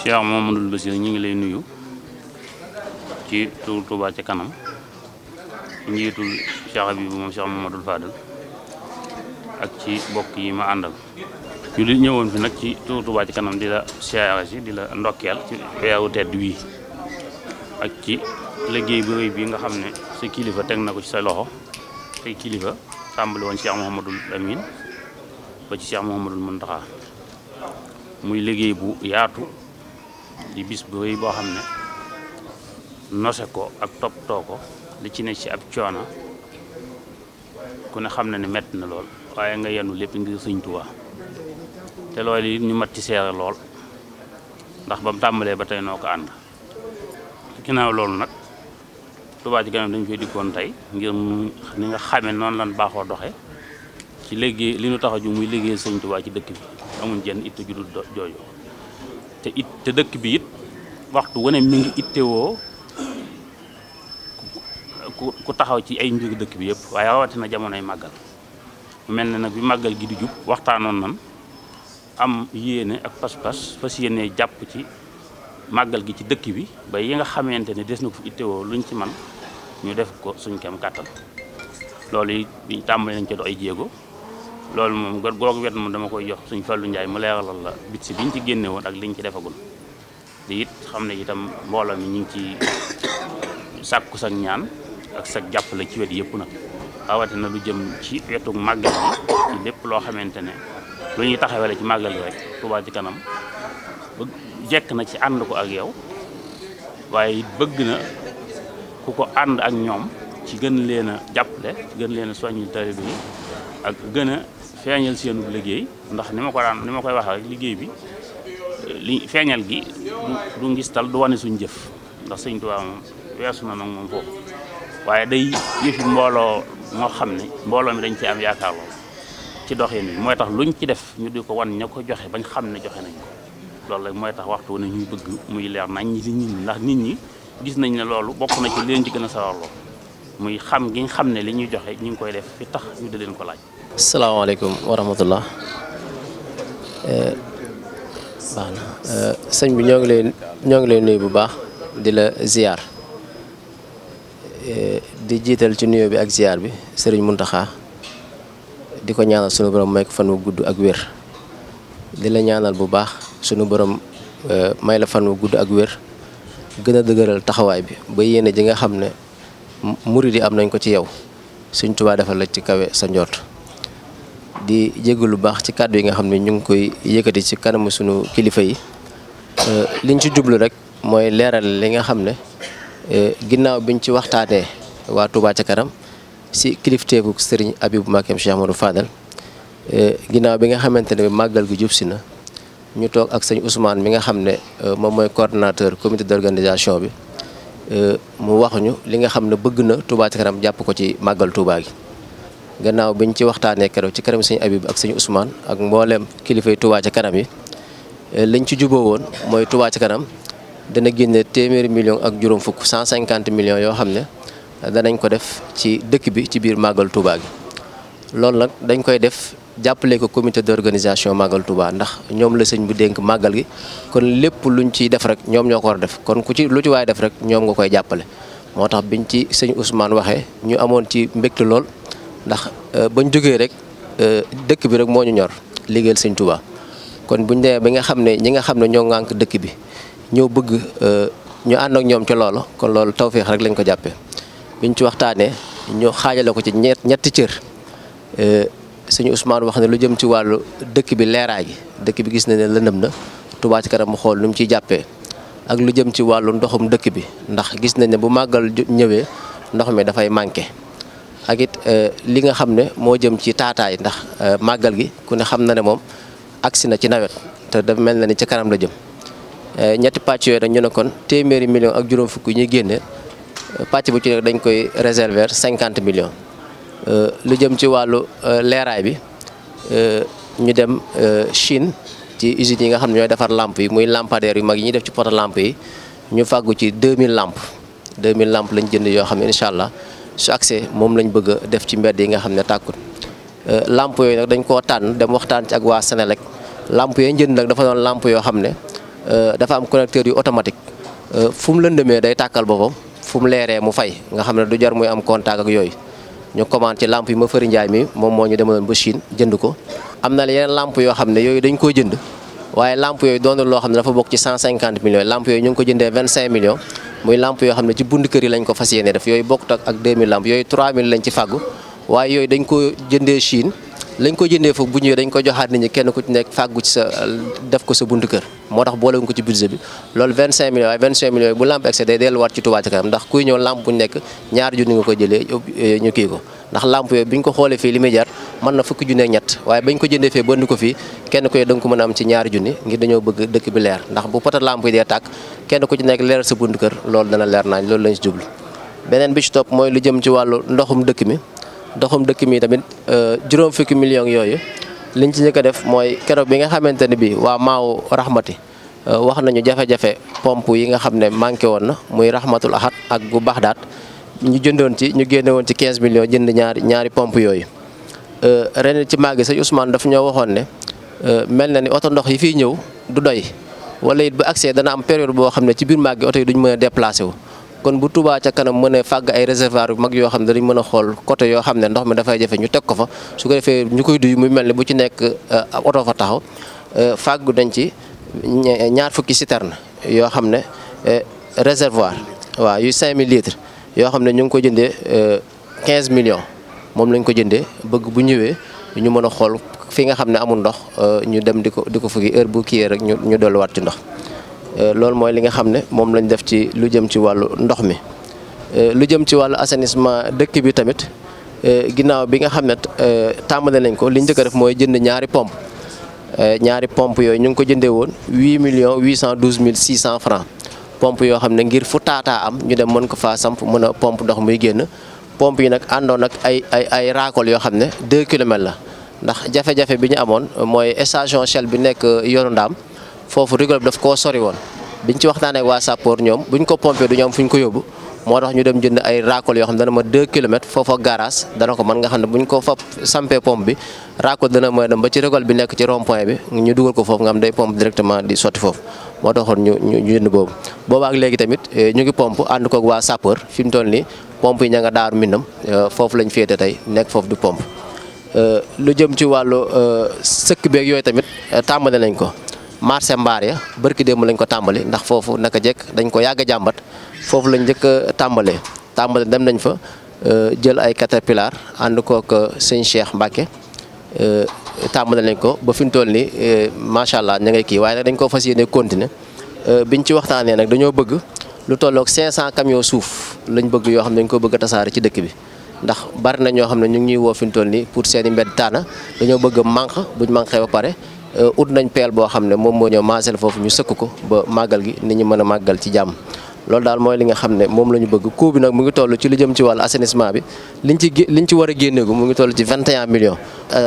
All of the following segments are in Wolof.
Cheikh Mamadou Bassir ñu ngi lay nuyu ci tur Touba ci kanam ci njiitul Cheikh Habib moom Cheikh Mamadou Fadal ak ci bokk yi ma àndal ñu li ñëwoon fi nag ci tur Touba ci kanam di la siyaare si ndokkeel ci weeru tedd wii ak ci liggéey bu rëy bi nga xam ne sa kilifa teg na ko ci sa loxo te kilifa tàmbali woon Cheikh Mouhamadul Amine ba ci Cheikh Mouhamadul Mountakha muy liggéey bu yaatu di bis bu rëy boo xam ne nose ko ak toppatoo ko li ci ne ci ab coono ku ne xam na ne mett na lool waaye nga yenu lépp ngir Sëñ Tuubaa te lool yi ñu mat ci seere lool ndax ba mu tàmbalee ba tey noo ko ànd ginnaaw loolu nag Touba Ca Kanam dañ koy dikkoon tey ngir ni nga xamee noonu lan baaxoo doxe ci liggéey li nu tax a ju muy liggéey Sëñ Tuubaa ci dëkk bi amuñ jenn itte ju dul jooju te it te dëkk bi it waxtu wu ne mi ngi ittewoo ku ku taxaw ci ay mbir dëkk bi yëpp waaye rawatina jamonoy màggal mel na nag bi màggal gi di jub waxtaanoon nan am yéene ak pas-pas fas yéene jàpp ci màggal gi ci dëkk bi ba yi nga xamante ne des na ko fi ittewoo luñ ci man ñu def ko suñ kem kàttan loolu yi tàmbali nañ ci do ay jéego loolu moom googu wet moom dama koy jox suñ Fallou Ndiaye mu leeralal la bit si biñ ci génne woon ak liñ ci defagul te it xam ne itam mbooloo mi ñu ngi ci sàkku sag ñaan ak sag jàppale ci wet yëpp nag lu jëm ci wetu màggal loo xamante ne lu ñuy taxawale ci màggal gi rek Touba ci kanam jekk na ci ànd ko ak yow waaye bëgg na ku ko ànd ak ñoom ci gën leen a jàppale ci gën leen a soññi ak gën feeñal seenu liggéey ndax ni ma ko daan ni ma koy waxee rek liggéey bi li feeñal gi du ngistal du wane suñ jëf ndax sëñ Tuubaa moom weesu na nag moom foofu waaye day yëfi mbooloo moo xam ne mbooloo mi dañ ci am yaakaar lool ci doxin bi mooy tax luñ ci def ñu di ko wan ña ko joxe bañ xam ne joxe nañ ko loolu rek mooy tax waxtu ne ñuy muy leer nañ ñi si ndax nit ñi gis nañ ne loolu bokk na ci leen ci gën a sawarloo muy xam gi nga xam ne li ñuy joxe ñu ngi koy def fi tax ñu di leen ko laaj salaamaaleykum wa rahmatullah eh, baax eh, bi ñoo ngi leen ñoo nuyu bu baax di la ziar eh, di jiital ci nuyoo bi ak ziar bi sëriñ Muntaxa di ko ñaanal sunu borom may ko fan wu gudd ak wér di la ñaanal bu baax sunu borom may la fan wu gudd ak wér gën a dëgëral taxawaay bi ba yéene ji nga xam ne murid yi am nañ ko ci yow suñ tubaa defal la ci kawe sa njoot di jégalu lu baax ci kàddu yi nga xam ne ñu ngi koy yëkkati ci kanamu sunu kilifa yi euh, liñ ci jublu rek mooy leeral li nga xam ne euh, ginnaaw biñ ci waxtaatee waa Touba ca kanam si kilifteeku sëriñ Abibu Mbakke Cheikh Amadou Fadal euh, ginnaaw bi nga xamante ne màggal gu jub si na ñu toog ak sëñ Ousmane mi nga xam ne moom mooy coordonnateur comité d'organisation bi mu wax ñu li nga xam ne bëgg na Touba ci kanam jàpp ko ci màggal Touba gi. gannaaw biñ ci waxtaanee keroog ci kanam sëñ Abib ak sëñ Ousmane ak mbooleem kilifay Touba ci kanam yi eh, lañ ci juboo woon mooy Touba ci kanam dana génne téeméeri million ak juróom fukk 150 millions yoo xam ne danañ ko def ci dëkk bi ci biir màggal Touba loolu nag dañ koy def jàppale ko comité d'organisation màggal Touba ndax ñoom la sëñ bu dénk màggal gi kon lépp luñ ciy def rek ñoom ñoo ko war def kon ku ci lu ci waay def rek ñoom nga koy jàppale moo tax biñ ci sëñ Ousmane waxee ñu amoon ci mbekk lool. ndax euh, bañ jógee rek euh, dëkk bi rek moo ñu ñor liggéeyal sëñ Touba kon buñ demee bi nga xam ne ñi nga xam ne ñoo ŋànk dëkk bi ñoo bëgg euh, ñu ànd ak ñoom ci loolu kon loolu feex rek lañ ko jàppee biñ ci waxtaanee ñu xaajale ko ci ñett ñetti cër suñu Ousmane wax ne lu jëm ci wàllu dëkk bi leeraay gi dëkk bi gis nañ ne lëndëm na tubaa ci kanam mu xool nu mu ciy jàppee ak lu jëm ci wàllu ndoxum dëkk bi ndax gis nañ ne bu màggal ñëwee ndox mi dafay manqué. ak it euh, li nga xam ne moo jëm ci taataay ndax euh, màggal gi ku ne xam na ne moom agsi na ci nawet te dafa mel na ni ci kanam la jëm euh, ñetti pàcc yooyu nag ñu ne téeméeri million ak juróom fukk yi ñuy génne pàcc bu dañ koy réserver cinquante millions lu jëm ci wàllu leeraay bi ñu dem Chine ci usines yi nga xam ne ñooy defar lamp yi muy lampadaire yu mag yi def ci poto làmp yi ñu fàggu ci 2000 lampes 2000 lampes lañ jënd yoo xam ne incha allah su accès moom lañ bëgg a def ci mbedd yi nga xam ne tàkkut euh, lamp yooyu nag dañ koo tànn dem waxtaan ci ak waa Senelec lamp yooyu njënd nag dafa doon lamp yoo xam ne euh, dafa am connecteur yu automatique euh, fu mu lëndëmee day tàkkal boppam fu mu leeree mu fay nga xam ne du jar muy am contact yooyu ñu commande ci lamp yi moom moo ñu demaloon ba Chine ko am yoo xam ne yooyu dañ koo jënd waaye lamp yooyu doonul loo xam ne dafa bokk ci 150 millions lamp yooyu ñu ngi ko jëndee 25 millions muy lamp yoo xam ne ci bund kër yi lañ ko fas yéene def yooyu bokkut ak ak 2000 lamp yooyu 3000 lañ ko jëndee Chine lañ ko jëndee foofu bu ñëwee dañ ko joxaat nit ñi kenn ku ci nekk fàggu ci sa def ko sa bund kër moo tax boolewuñ ko ci budget bi loolu 25 millions waaye 25 millions bu lamp excès day delluwaat ci Touba ca kanam ndax kuy ñëw lamp bu nekk ñaar junni nga ko jëlee eh, ñu kii ko ndax lamp yooyu biñ ko xoolee fii li muy jar mën na fukki junne ñett waaye bañ ko jëndee fee bënd ko fii kenn ku ne da ko mën a am ci ñaari junni ngir dañoo bëgg dëkk bi leer ndax bu pota lamp yi dee tàkk kenn ku ci nekk leeral sa bunt kër loolu dana leer naañ loolu lañ beneen bi ci topp mooy lu jëm ci wàllu ndoxum dëkk mi ndoxum dëkk mi tamit euh, juróom fukki millions yooyu liñ ci njëkk a def mooy keroog bi nga xamante ne bii waa maaw rahmati euh, wax nañu jafe-jafe pompe xam ne manqué woon na muy rahmatul ahad ak gu baax daat ñu jëndoon ci ñu génne woon ci 15 millions jënd ñaari ñaari pompe yooyu Euh, ren ci màgg sëñ Ousmane daf ñoo waxoon ne euh, mel na ni oto ndox yi fiy ñëw du doy wala it bu accès dana am période boo xam ne ci biir màgg oto yi duñ mën a déplacé wu. kon bu Touba ca kanam mën a ay réservoir yu mag yoo xam ne dañu mën a xool côté yoo xam ne ndox mi dafay jafe ñu teg ko fa su ko defee ñu koy duy muy mel ne bu ci nekk euh, oto fa taxaw fàggu dañ ci ñaar fukki citerne yoo xam ne réservoir waaw yu 5000 litres yoo xam ne ñu ngi ko jëndee quinze millions. moom lañ ko jëndee bëgg bu ñëwee ñu mën a xool fii nga xam ne amul ndox euh, ñu dem di ko di ko fukki heure bu kiyee rek ñu ñu dolliwaat ci ndox euh, loolu mooy li nga xam ne moom lañ def ci lu jëm ci wàllu ndox mi. Euh, lu jëm ci wàllu assainissement dëkk bi tamit ginnaaw bi nga xam ne tàmbale nañ ko li njëkk a def mooy jënd ñaari pompe ñaari pompe yooyu ñu ngi ko jëndee woon 8 millions 812 mille 600 francs pompe yoo xam ne ngir fu taataa am ñu dem mën ko faa samp mën a pompe ndox muy génn. pompe yi nag àndoon ay ay yoo xam ne 2 kilomètres la ndax jafe-jafe bi ñu amoon mooy station Shell bi nekk yoru ndaam foofu rigole bi daf koo sori woon biñ ci ko pompé du ñu am fu ñu ko yóbbu moo tax ñu dem jënd yoo xam ma 2 kilomètres foofa garage dana ne buñ ko fa sampee bi raakol dana mooy dem ba ci rigole bi nekk ci di sotti foofu moo taxoon ñu boobu boobaak léegi tamit eh, ñu ngi pompe ànd koog waa Sapor fi toll nii pompe yi ña nga daaru minam euh, foofu lañ féete tey nekk foofu du pompe euh, lu jëm ci wàllu euh, sëkk beeg yooyu tamit tàmbale nañ ko marché mbaar ya barki démb lañ ko tàmbale ndax foofu naka jekk dañ ko yàgg a jàmbat foofu lañ njëkk a tàmbalee tàmbale dem nañ fa jël ay caterpillar ànd kook sëñ Cheikh Mbacke tàmbale nañ ko ba fi mu toll nii macha allah ña ngay kii waaye nag dañ ko fas yéene continuer biñ ci waxtaanee nag dañoo bëgg lu tolloog 500 camions suuf. lañ bëgg yoo xam ne dañ ko bëgg a tasaare ci dëkk bi ndax bari ñoo xam ne ñu ngi ñuy woo fi ñu toll nii pour seen i mbedd taana dañoo bëgg a manq buñ manqee ba pare euh, ut nañ peel boo xam ne moom moo ñëw maasel foofu ñu sëkk ko ba màggal gi nit ñi mën a màggal ci jàmm loolu daal mooy li nga xam ne moom la ñu bëgg coût bi nag mu ngi toll ci lu jëm ci wàllu assainissement bi liñ ci liñ ci war a génneegu mu ngi toll ci 21 millions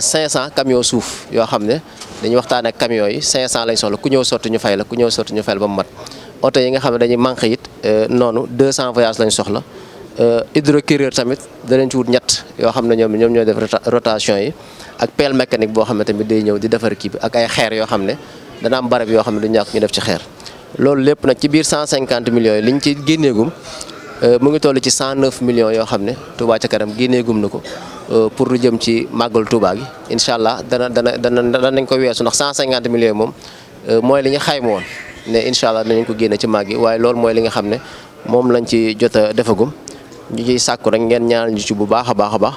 500 euh, camions suuf yoo xam ne dañuy waxtaan ak camions yi 500 lay soxla ku ñëw sotti ñu fay la ku ñëw sotti ñu fay la ba mu mat oto yi nga Euh, noonu deux 200 voyages lañ soxla euh, hydrocureur tamit danañ ci wut ñett yoo xam ne ñoom ñoom ñooy def rotation yi ak pelle mécanique boo xam ne tamit day ñëw di defar kii bi ak ay xeer yoo xam ne dana am barab yoo xam ne du ñàkk ñu def ci xeer. loolu lépp nag ci biir cent 150 millions yi liñ ci génneegum euh, mu ngi toll ci 109 millions yoo xam ne Touba ci kanam génneegum na ko pour lu jëm ci màggal Touba gi incha allah dana dana dana danañ ko weesu ndax 150 millions yi moom mooy li ñu xayma ne incha allah dinañ ko génne ci màggi yi waaye loolu mooy li nga xam ne moom lañ ci jot a defagum ñu ciy sàkku rek ngeen ñaanal ñu ci bu baax a baax a baax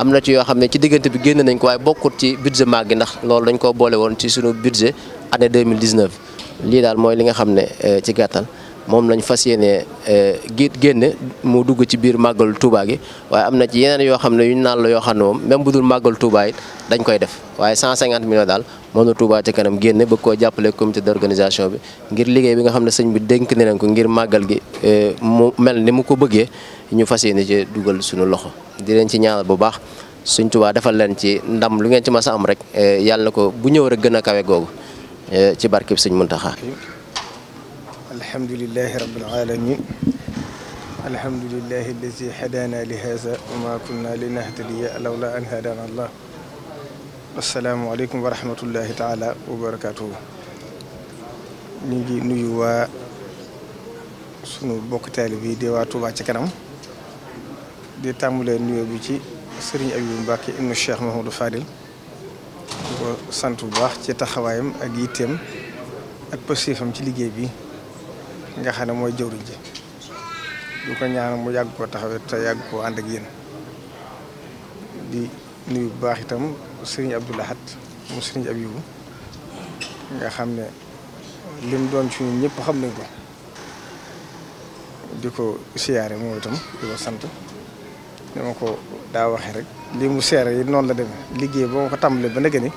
am na ci yoo xam ne ci diggante bi génn nañ ko waaye bokkut ci budget màgg yi ndax loolu dañ koo boole woon ci suñu budget année 2019 lii daal mooy li nga xam ne eh, ci gàttal moom lañ fas yéene géet euh, génne mu dugg ci biir màggal Touba gi waaye am na ci yeneen yoo xam ne yu ñu naan la yoo xam ne moom même bu dul màggal Touba it dañ koy def waaye 150 daal moom la Touba ca kanam génne bëgg ko jàppale comité d'organisation bi ngir liggéey bi nga xam ne sëñ bu dénk ne nañ ko ngir màggal gi euh, mu mel ni mu ko bëggee ñu fas yéene ci dugal suñu loxo di leen ci ñaanal bu baax suñ Touba defal leen ci ndam lu ngeen ci mës a am rek euh, yàlla na ko bu ñëw rek gën a kawe googu ci barkib sëñ Muntaxa الحمد لله رب العالمين الحمد لله الذي هدانا لهذا وما كنا لنهتدي لولا أن هدانا الله السلام عليكم ورحمة الله تعالى وبركاته نيجي نيوا sunu bokk taali bi di waa Touba ci kanam di tàmbalee nuyoo bi ci sëriñ Abibu Mbàkke ibnu Cheikh Mahamadou Fadil ko sant bu baax ci taxawaayam ak yitteem ak pasifam ci liggéey bi nga xam ne mooy jëwriñ ji du ko ñaan mu yàgg koo taxawee te yàgg ko ànd ak yéen di nuyu bu baax itam sëriñ Abdou Lahad mu sëriñ Abibu nga xam ne lim doon ci ñun ñëpp xam nañ ko di ko siyaare moom itam di ko sant ni ma ko daa waxee rek lii mu seere yi noon la demee liggéey boo ma ko tàmbalee ba nag ni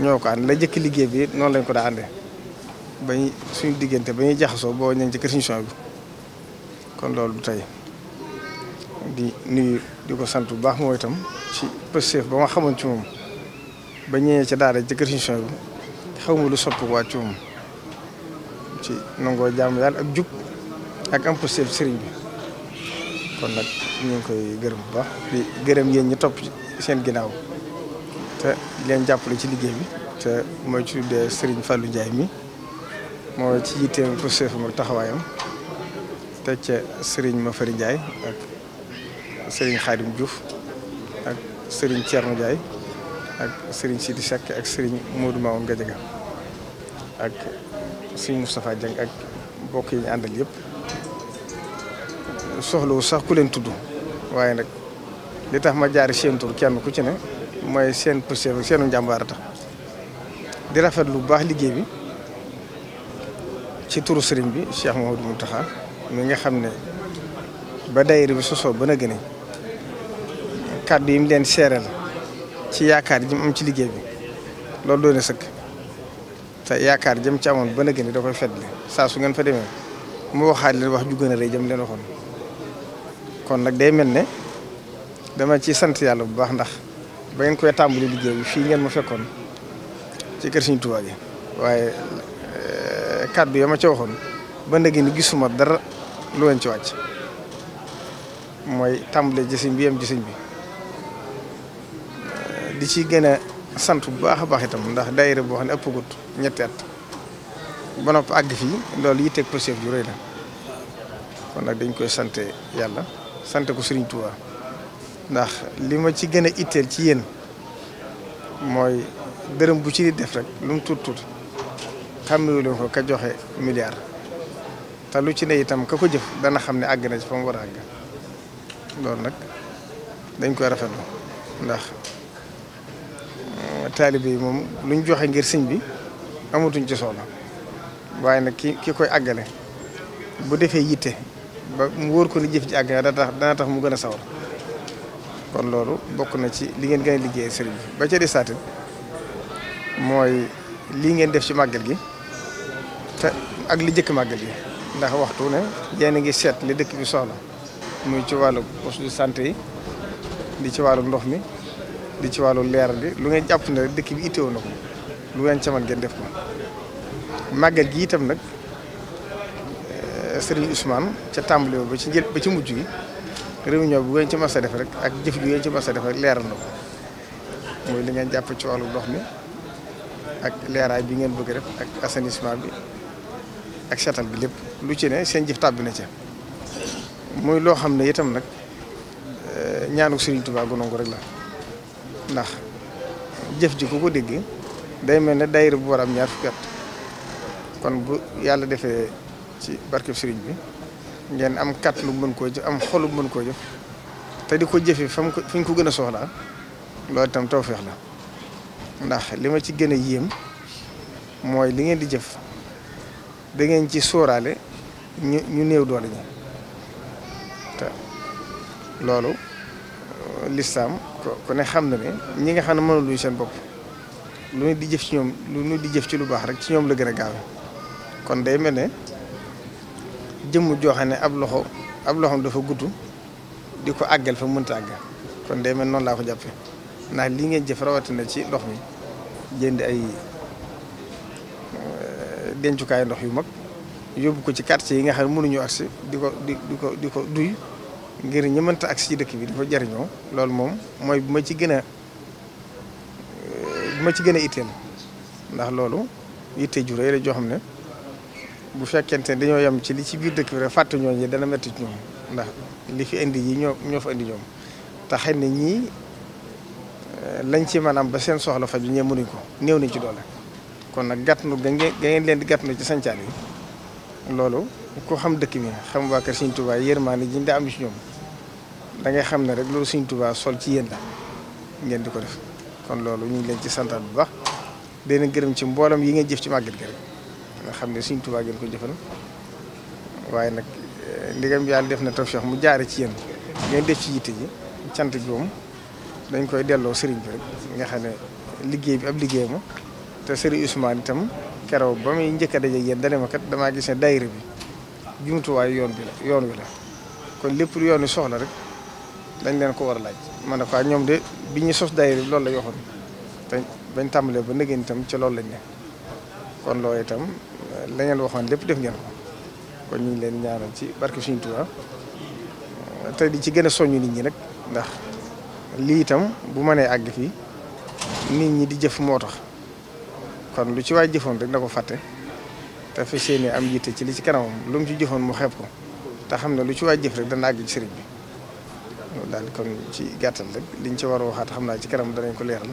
ñoo ko ànd la jëkk liggéey bi noonu lañ ko daa àndee ba ñu suñu diggante ba ñuy jaxasoo boo ñëwee ci kër suñu bi kon loolu du tey di nuyu di ko sant bu baax mooy itam ci pësteef ba ma xamoon ci ba ñëwee ci kër suñu bi xaw ma lu soppiwaat ci moom ci nangoo jàmm yàlla ak jub ak am pësteef sëriñ bi kon nag ñu koy gërëm bu baax di gërëm yéen ñu topp seen ginnaaw te leen jàppale ci liggéey bi te mooy ci tuddee Serigne Fallou njaay mi. moo ci yitteem pour seefam ak taxawaayam te ca Serigne Mafari Ndiaye ak Serigne Khadim Diouf ak Serigne Thierno Ndiaye ak Serigne Sidi Seck ak Serigne Modou Mamoun Gadiaga ak Serigne Moustapha Dieng ak mbokk yi ñu àndal yëpp soxlawu sax ku leen tudd waaye nag li tax ma jaari seen tur kenn ku ci ne mooy seen pëstéef ak seenu njàmbaar di rafet lu baax liggéey bi. ci turu sëriñ bi Cheikh Mouhamadou taxa mu nga xam ne ba daayira bi sosoo ba na gën kàddu yim mu leen seereel ci yaakaar ji am ci liggéey bi loolu doone sëkk te yaakaar jëm ci amoon ba na gën da koy fetli saa su ngeen fa demee mu waxaat leen wax ju gën a rëy jëm leen waxoon kon nag day mel ne dama ci sant yàlla bu baax ndax ba ngeen koy tàmbali liggéey bi fii ngeen ma fekkoon ci kër Sëriñ Tuubaa gi waaye kàddu ya ma ca waxoon ba ndege ni gisuma dara lu leen ci wàcc mooy tàmbale jësiñ bi yem jësiñ bi di ci gën a sant bu baax a baax itam ndax daayira boo xam ne ëppagut ñetti at ba nopp àgg fii loolu yitteeg procef ju rëy la kon nag dañ koy sante yàlla sante ko Sëriñ Tuubaa ndax li ma ci gën a itteel ci yéen mooy dërëm bu ci def rek lu mu tuut tuut xàmmewu leen ko ka joxe milliard te lu ci ne itam ka ko jëf dana xam ne àgg na ci fa mu war a àgg loolu nag dañ koy rafetlu ndax euh, taalibe yi moom lu joxe ngir sëñ bi amatuñ ci soxla waaye nag ki ki koy àggale bu defee yitte ba mu wóor ko ni jëf ji àgg na dana tax tax mu gën a sawar kon loolu bokk na ci li ngeen gën a liggéeyee sëriñ bi ba ca di mooy lii ngeen def ci màggal gi te ak li jëkk màgget yi ndax waxtu ne yéen a ngi seet li dëkk bi la muy ci wàllu poste de santé yi di ci wàllu ndox mi di ci wàllu leeral bi lu ngeen jàpp ne dëkk bi itteewu lu ngeen ca man ngeen def ko gi itam nag eh, Serigne Ousmane ca tàmbali ba ci njël ba ci mujj yi réunion bi bu ngeen ci mas a def rek ak jëf gi ngeen ci mas a def leeral na ko mooy li ngeen jàpp ci wàllu ndox mi ak leeraay bi ngeen bëgg def ak assainissement bi ak seetal gi lépp lu ci ne seen jëf tàbbi na ca muy loo xam ne itam nag eh, ñaanu Serigne Touba gu nangu rek la ndax jëf ji ku ko dégg day mel ne dayre bu war am ñaar fukki at kon bu yàlla defee ci barkeb Serigne bi ngeen am kat lu mën koo jëf am xolu mën koo jëf te di ko jëfee fa mu ko fi ko gën a soxlaa loolu itam tawfeex la ndax li ma ci gën a yéem mooy li ngeen di jëf. dangeen ngeen ci sóoraale ñu ñu néew doole ñi te loolu euh, lislaam ku ne xam na ne ñi nga xam ne mënul luy seen bopp lu ñu di jëf ci ñoom lu ñu di jëf ci lu baax rek ci ñoom la gën a gaaw kon day mel ne jëmm joo xam ne ab loxo ab loxoom dafa gudd di ko àggal fa mënta àgg kon day mel noonu laa ko jàppe ndax li ngeen jëf rawatina ci lox mi jënd ay dencukaayu ndox yu mag yóbbu ko ci quartier yi nga xam ne mënuñu agsi di ko di ko di ko duy ngir ñi mënta agsi ci dëkk bi di ko jariñoo loolu moom mooy bu ma ci gën a bu ma ci gën a itteel ndax loolu yitte ju rëy la joo xam ne bu fekkente ne dañoo yem ci li ci biir dëkk bi rek fàtte ñooñu dana metti ñoom ndax li fi indi yi ñoo ñoo fa indi ñoom te xëy ne ñii eh, lañ ci maanaam ba seen soxla faj faju ñee mënuñ ko néew nañ ci doole kon nag gàttanu ga ngeen leen di gàttanu ci sancaan yi loolu ku xam dëkk bi xam waa kër Sëriñ Tuubaa yërmaande ji ñu daa am ci ñoom da ngay xam ne rek loolu Sëriñ Tuubaa sol ci yéen la ngeen di ko def kon loolu ñu ngi leen ci santaat bu baax dina gërëm ci mboolam yi ngeen jëf ci màgget gi rek nga xam ne Sëriñ Tuubaa ngeen ko waaye nag eh, ndigam yàlla def na tawfeex mu jaare ci yéen ngeen def ci yitte ji cant gi moom dañ koy delloo sëriñ bi rek nga xam ne liggéey bi ab liggéey ma te Serigne Ousmane itam kerew ba muy njëkk a daje yéen dana ma kat damaa gis ne bi jumtuwaay yoon bi la wi la kon lépp yoon wi soxla rek dañ leen ko war a laaj. ma ne ko ah, ñoom de bi ñu sos daayira bi loolu la ñu waxoon te bañ tàmbalee ba nëgën itam ci loolu lañ kon loolu itam eh, la ngeen waxoon lépp def ngeen ko kon ñu ngi leen ñaanal ci barke Sëriñ Tuubaa eh, te di ci gën a soññu nit ñi nag ndax lii itam bu mënee àgg fii nit ñi di jëf moo tax. kon lu ci waay jëfoon rek na ko fàtte te fas yéene am yitte ci li ci kanamam lu mu ci jëfoon mu xeeb ko te xam ne lu ci waay jëf rek dana àgg ci sëriñ bi loolu daal kon ci gàttal rek liñ ci war a waxaat xam naa ci kanam danañ ko leeral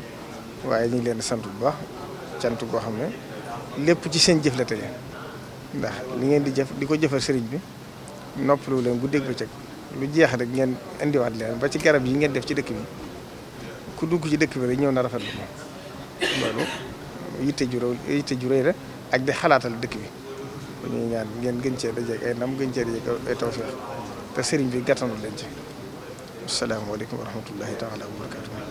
waaye ñu ngi leen sant bu baax cant goo xam ne lépp ci seen jëf la ndax li ngeen di jëf di ko jëfal sëriñ bi noppalu leen bu dégg bëccëg lu jeex rek ngeen indiwaat leen ba ci garab yi ngeen def ci dëkk bi ku dugg ci dëkk bi rek ñëw na rafetlu ko loolu yitte ju yitte ju rëy ak di xalaatal dëkk bi bu ñuy ñaan ngeen gën cee dajeeg ay nam gën cee dajeeg ay tawfeex te sëriñ bi gàttanu leen ci asalaamaaleykum wa rahmatullahi taala wa barakatu